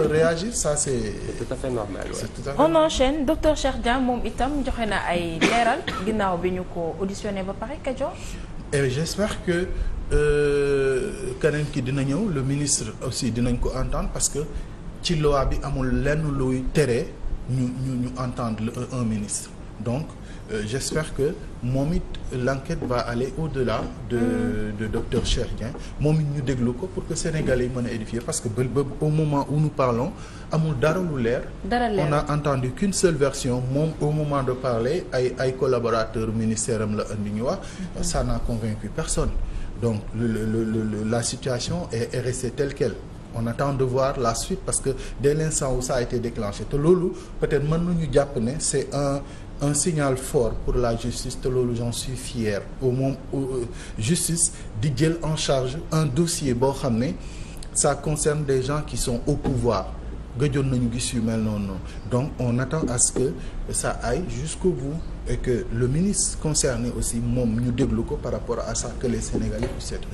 peut réagir ça c'est tout à fait normal moom itam joxe na ay leeral ginnaaw bi ñu ko auditionné ba pare Kajo. et j'espère que euh, keneen ki dina ñëw le ministre aussi dinañ ko entendre parce que ci loi bi amul lenn luy tere ñu ñu ñu le un ministre. donc euh, j'espère que moom it l'enquête va aller au-delà de mm. de docteur cher Dieng moom it ñu déglu ko pour que sénégalais yi mën édifier parce que ba ba au moment où nous parlons amul dara lu leer on a entendu qu'une seule version moom au moment de parler ay ay collaborateurs ministère am la indi ñu wax mm-hmm. ça n'a convaincu personne donc le, le, le, la situation est, est restée telle qu'elle on attend de voir la suite parce que dès l'instant où ça a été déclenché te loolu peut-être mën nañu jàpp ne c'est un un signal fort pour la justice te loolu j'en suis fier au moom euh, justice di jël en charge un dossier boo xam ne ça concerne des gens qui sont au pouvoir gëjoon nañu gis yu mel noonu donc on attend à ce que ça aille jusqu'au bout et que le ministre concerné aussi moom ñu déglu ko par rapport à ça que les Sénégalais puissent être